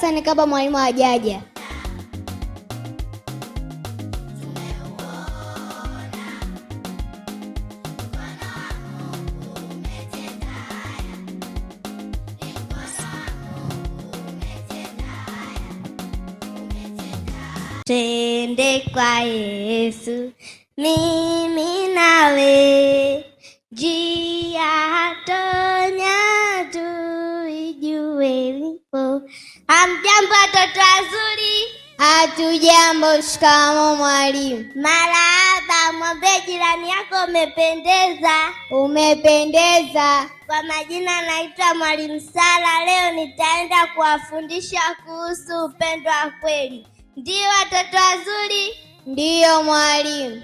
darasani kabla mwalimu hajaja. Twende kwa Yesu, mimi nawe. jambo watoto wazuri? Hatujambo. Shikamo mwalimu. Marahaba. Mwambie jirani yako umependeza. Umependeza. Kwa majina naitwa Mwalimu Sala. Leo nitaenda kuwafundisha kuhusu upendo wa kweli. Ndiyo watoto wazuri? Ndiyo mwalimu.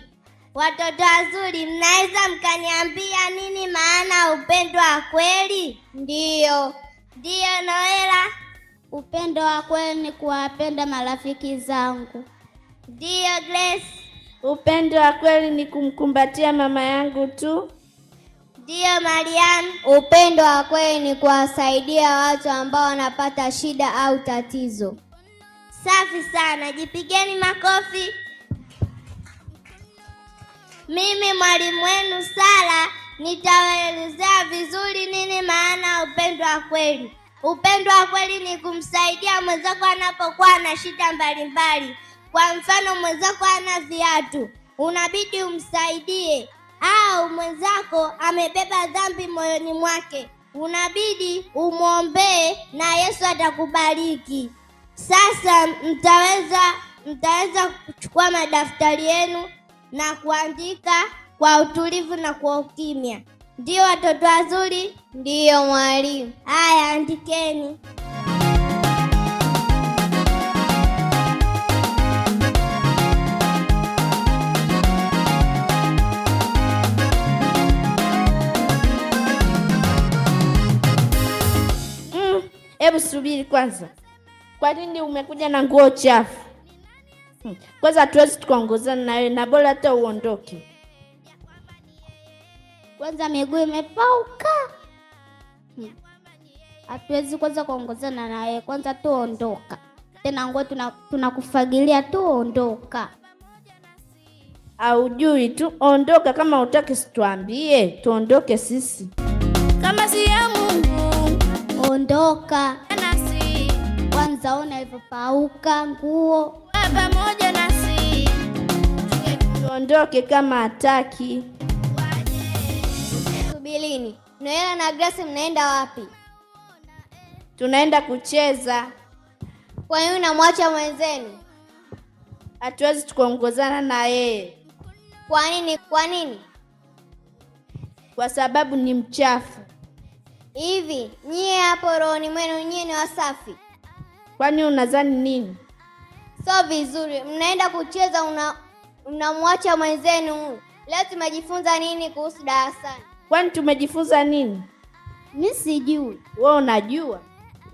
Watoto wazuri, mnaweza mkaniambia nini maana upendo wa kweli? Ndiyo. Ndiyo Noela. Upendo wa kweli ni kuwapenda marafiki zangu. Ndiyo Grace, upendo wa kweli ni kumkumbatia mama yangu tu. Ndiyo Mariam, upendo wa kweli ni kuwasaidia watu ambao wanapata shida au tatizo. Safi sana, jipigeni makofi. Mimi mwalimu wenu Sara nitawaelezea vizuri nini maana ya upendo wa kweli. Upendo wa kweli ni kumsaidia mwenzako anapokuwa na shida mbalimbali. Kwa mfano, mwenzako ana viatu, unabidi umsaidie, au mwenzako amebeba dhambi moyoni mwake, unabidi umwombee na Yesu atakubariki. Sasa mtaweza mtaweza kuchukua madaftari yenu na kuandika kwa utulivu na kwa ukimya. Ndiyo watoto wazuri. Ndiyo mwalimu. Haya, andikeni. Mm, hebu subiri kwanza, kwa nini umekuja na nguo chafu? Mm, kwanza hatuwezi tukaongozana na wewe, na bora hata uondoke kwanza miguu imepauka, hmm. hatuwezi kwanza kuongozana na yeye kwanza tuondoka tena nguo tunakufagilia, tuna tuondoka. Aujui tu ondoka, kama utaki situambie, tuondoke sisi. Kama si ya Mungu ondoka nasi, kwanza ona ilivyopauka nguo, pamoja nasi tuondoke, kama hataki lini? Noela na Grace mnaenda wapi? Tunaenda kucheza. Kwa nini unamwacha mwenzenu? Hatuwezi tukaongozana na yeye. Kwa nini? Kwa nini? Kwa sababu ni mchafu. Hivi nyie hapo rohoni mwenu nyie ni wasafi? Kwani unadhani nini? Sio vizuri, mnaenda kucheza, unamwacha una mwenzenu. Leo tumejifunza nini kuhusu darasani? Kwani tumejifunza nini? Mi sijui. Wewe unajua?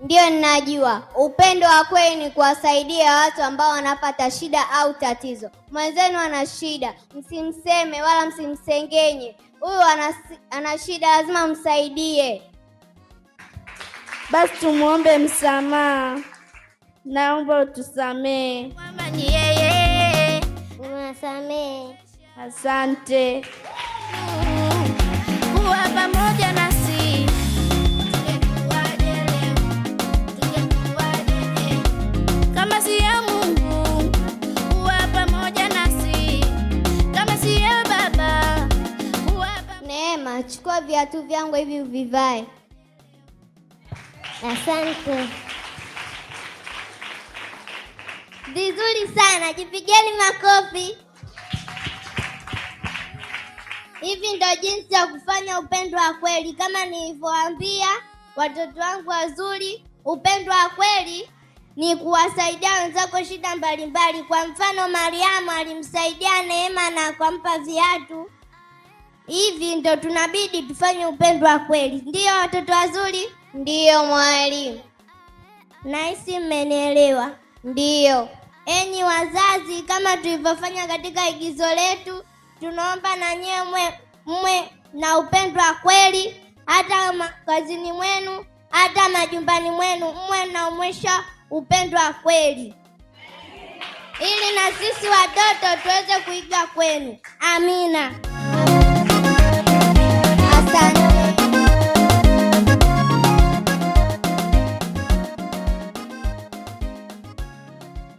ndio ninajua. Upendo wa kweli ni kuwasaidia watu ambao wanapata shida au tatizo. Mwenzenu ana shida, msimseme wala msimsengenye. Huyu ana shida, lazima msaidie. Basi tumwombe msamaha. Naomba utusamee. Mama ni yeye, Asante. Chukua viatu vyangu hivi uvivae. Asante. Vizuri sana, jipigeni makofi. Hivi ndo jinsi ya kufanya upendo wa kweli, kama nilivyowaambia watoto wangu wazuri. Upendo wa kweli ni kuwasaidia wenzako shida mbalimbali. Kwa mfano, Mariamu alimsaidia Neema na akampa viatu. Hivi ndo tunabidi tufanye upendo wa kweli, ndiyo watoto wazuri? Ndiyo mwalimu. Nahisi mmenielewa. Ndiyo. Enyi wazazi, kama tulivyofanya katika igizo letu, tunaomba na nyewe mwe, mwe na upendo wa kweli, hata kazini mwenu, hata majumbani mwenu, mwe na umwesha upendo wa kweli, ili na sisi watoto tuweze kuiga kwenu. Amina.